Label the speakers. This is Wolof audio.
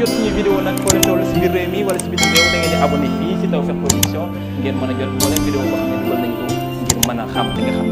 Speaker 1: jot suñu vidéo nag foo leen si biir réew mi si biir réew da ngeen di abonné fii si Tawfekh ngeen mën a jot moo ne dugal nañ ko ngir
Speaker 2: mën a xam li